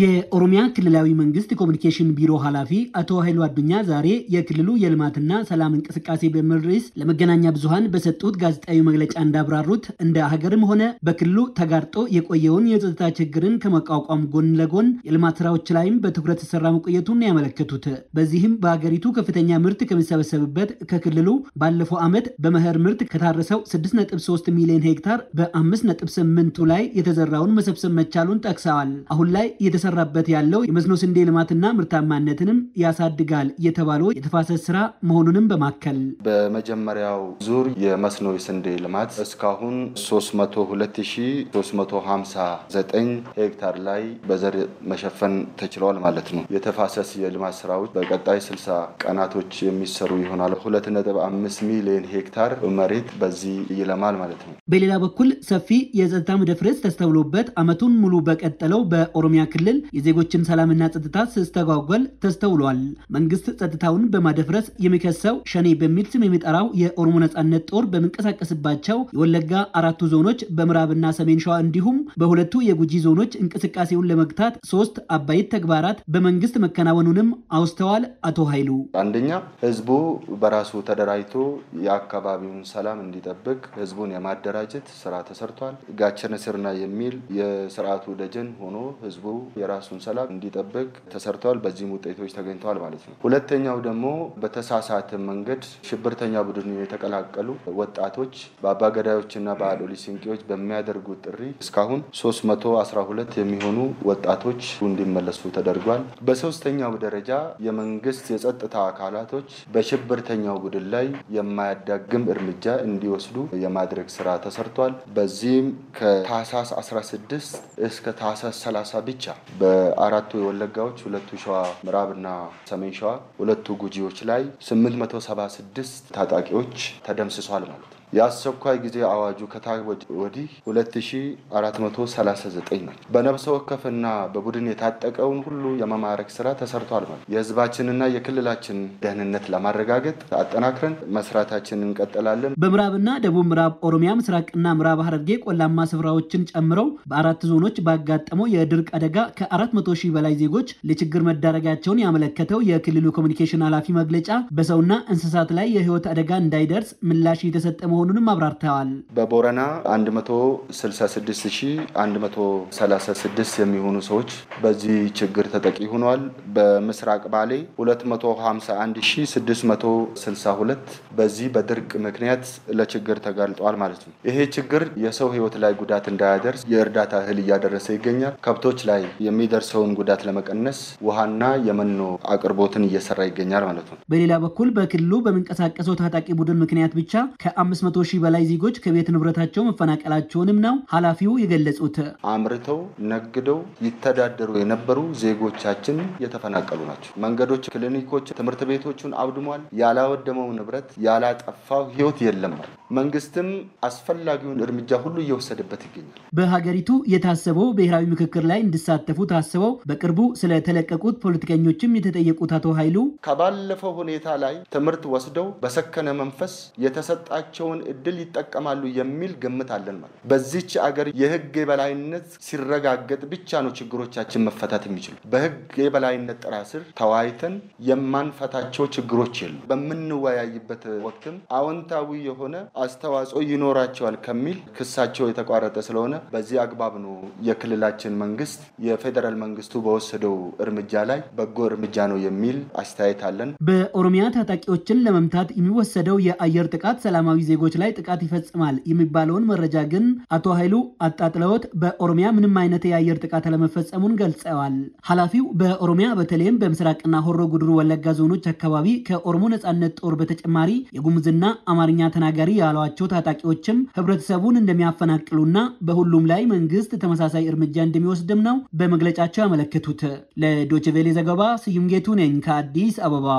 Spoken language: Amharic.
የኦሮሚያ ክልላዊ መንግስት ኮሚኒኬሽን ቢሮ ኃላፊ አቶ ኃይሉ አዱኛ ዛሬ የክልሉ የልማትና ሰላም እንቅስቃሴ በሚል ርዕስ ለመገናኛ ብዙሃን በሰጡት ጋዜጣዊ መግለጫ እንዳብራሩት እንደ ሀገርም ሆነ በክልሉ ተጋርጦ የቆየውን የጸጥታ ችግርን ከመቋቋም ጎን ለጎን የልማት ስራዎች ላይም በትኩረት ተሰራ መቆየቱን ያመለከቱት በዚህም በሀገሪቱ ከፍተኛ ምርት ከሚሰበሰብበት ከክልሉ ባለፈው ዓመት በመኸር ምርት ከታረሰው 6.3 ሚሊዮን ሄክታር በ 58 ላይ የተዘራውን መሰብሰብ መቻሉን ጠቅሰዋል። አሁን ላይ እየተሰራበት ያለው የመስኖ ስንዴ ልማትና ምርታማነትንም ያሳድጋል የተባለው የተፋሰስ ስራ መሆኑንም በማከል በመጀመሪያው ዙር የመስኖ ስንዴ ልማት እስካሁን 302359 ሄክታር ላይ በዘር መሸፈን ተችለዋል ማለት ነው። የተፋሰስ የልማት ስራዎች በቀጣይ 60 ቀናቶች የሚሰሩ ይሆናል። 2.5 ሚሊዮን ሄክታር መሬት በዚህ ይለማል ማለት ነው። በሌላ በኩል ሰፊ የጸጥታ መደፍረስ ተስተውሎበት ዓመቱን ሙሉ በቀጠለው በኦሮሚያ ክልል ክልል የዜጎችን ሰላምና ጸጥታ ስስተጓጓል ተስተውሏል። መንግስት ጸጥታውን በማደፍረስ የሚከሰው ሸኔ በሚል ስም የሚጠራው የኦሮሞ ነጻነት ጦር በሚንቀሳቀስባቸው የወለጋ አራቱ ዞኖች በምዕራብና ሰሜን ሸዋ እንዲሁም በሁለቱ የጉጂ ዞኖች እንቅስቃሴውን ለመግታት ሶስት አበይት ተግባራት በመንግስት መከናወኑንም አውስተዋል። አቶ ኃይሉ አንደኛ ህዝቡ በራሱ ተደራጅቶ የአካባቢውን ሰላም እንዲጠብቅ ህዝቡን የማደራጀት ስራ ተሰርቷል። ጋቸነ ስርና የሚል የስርዓቱ ደጀን ሆኖ ህዝቡ የራሱን ሰላም እንዲጠብቅ ተሰርተዋል። በዚህም ውጤቶች ተገኝተዋል ማለት ነው። ሁለተኛው ደግሞ በተሳሳተ መንገድ ሽብርተኛ ቡድን የተቀላቀሉ ወጣቶች በአባገዳዮችና በአዶሊ ሲንቄዎች በሚያደርጉት ጥሪ እስካሁን 312 የሚሆኑ ወጣቶች እንዲመለሱ ተደርጓል። በሶስተኛው ደረጃ የመንግስት የጸጥታ አካላቶች በሽብርተኛው ቡድን ላይ የማያዳግም እርምጃ እንዲወስዱ የማድረግ ስራ ተሰርቷል። በዚህም ከታህሳስ 16 እስከ ታህሳስ 30 ብቻ በአራቱ የወለጋዎች ሁለቱ ሸዋ ምዕራብና ሰሜን ሸዋ ሁለቱ ጉጂዎች ላይ 876 ታጣቂዎች ተደምስሷል ማለት ነው። የአስቸኳይ ጊዜ አዋጁ ከታወጀ ወዲህ 2439 ነው። በነብሰ ወከፍና በቡድን የታጠቀውን ሁሉ የመማረክ ስራ ተሰርቷል ማለት የህዝባችንና የክልላችን ደህንነት ለማረጋገጥ አጠናክረን መስራታችን እንቀጥላለን። በምዕራብና ደቡብ ምዕራብ ኦሮሚያ ምስራቅና ምዕራብ ሐረርጌ ቆላማ ስፍራዎችን ጨምረው በአራት ዞኖች ባጋጠመው የድርቅ አደጋ ከ400 ሺህ በላይ ዜጎች ለችግር መዳረጋቸውን ያመለከተው የክልሉ ኮሚኒኬሽን ኃላፊ መግለጫ በሰውና እንስሳት ላይ የህይወት አደጋ እንዳይደርስ ምላሽ የተሰጠ መሆኑንም አብራርተዋል። በቦረና 166136 የሚሆኑ ሰዎች በዚህ ችግር ተጠቂ ሆኗል። በምስራቅ ባሌ 251662 በዚህ በድርቅ ምክንያት ለችግር ተጋልጠዋል ማለት ነው። ይሄ ችግር የሰው ህይወት ላይ ጉዳት እንዳያደርስ የእርዳታ እህል እያደረሰ ይገኛል። ከብቶች ላይ የሚደርሰውን ጉዳት ለመቀነስ ውሃና የመኖ አቅርቦትን እየሰራ ይገኛል ማለት ነው። በሌላ በኩል በክልሉ በሚንቀሳቀሰው ታጣቂ ቡድን ምክንያት ብቻ ከ ከ500 ከመቶ ሺህ በላይ ዜጎች ከቤት ንብረታቸው መፈናቀላቸውንም ነው ኃላፊው የገለጹት። አምርተው ነግደው ይተዳደሩ የነበሩ ዜጎቻችን የተፈናቀሉ ናቸው። መንገዶች፣ ክሊኒኮች፣ ትምህርት ቤቶቹን አውድሟል። ያላወደመው ንብረት ያላጠፋው ህይወት የለም። መንግስትም አስፈላጊውን እርምጃ ሁሉ እየወሰደበት ይገኛል። በሀገሪቱ የታሰበው ብሔራዊ ምክክር ላይ እንዲሳተፉ ታስበው በቅርቡ ስለተለቀቁት ፖለቲከኞችም የተጠየቁት አቶ ኃይሉ ከባለፈው ሁኔታ ላይ ትምህርት ወስደው በሰከነ መንፈስ የተሰጣቸውን እድል ይጠቀማሉ የሚል ግምት አለን ማለት በዚች አገር የህግ የበላይነት ሲረጋገጥ ብቻ ነው ችግሮቻችን መፈታት የሚችሉ። በህግ የበላይነት ጥላ ስር ተወያይተን የማንፈታቸው ችግሮች የሉ። በምንወያይበት ወቅትም አዎንታዊ የሆነ አስተዋጽኦ ይኖራቸዋል ከሚል ክሳቸው የተቋረጠ ስለሆነ በዚህ አግባብ ነው የክልላችን መንግስት የፌዴራል መንግስቱ በወሰደው እርምጃ ላይ በጎ እርምጃ ነው የሚል አስተያየት አለን። በኦሮሚያ ታጣቂዎችን ለመምታት የሚወሰደው የአየር ጥቃት ሰላማዊ ዜጎች ላይ ጥቃት ይፈጽማል የሚባለውን መረጃ ግን አቶ ኃይሉ አጣጥለውት በኦሮሚያ ምንም አይነት የአየር ጥቃት አለመፈጸሙን ገልጸዋል። ኃላፊው በኦሮሚያ በተለይም በምስራቅና ሆሮ ጉድሩ ወለጋ ዞኖች አካባቢ ከኦሮሞ ነጻነት ጦር በተጨማሪ የጉሙዝና አማርኛ ተናጋሪ ያሏቸው ታጣቂዎችም ህብረተሰቡን እንደሚያፈናቅሉና በሁሉም ላይ መንግስት ተመሳሳይ እርምጃ እንደሚወስድም ነው በመግለጫቸው ያመለከቱት። ለዶችቬሌ ዘገባ ስዩም ጌቱ ነኝ ከአዲስ አበባ።